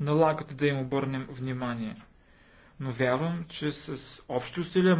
налагат да им обърнем внимание. Но вярвам, че с общи усилия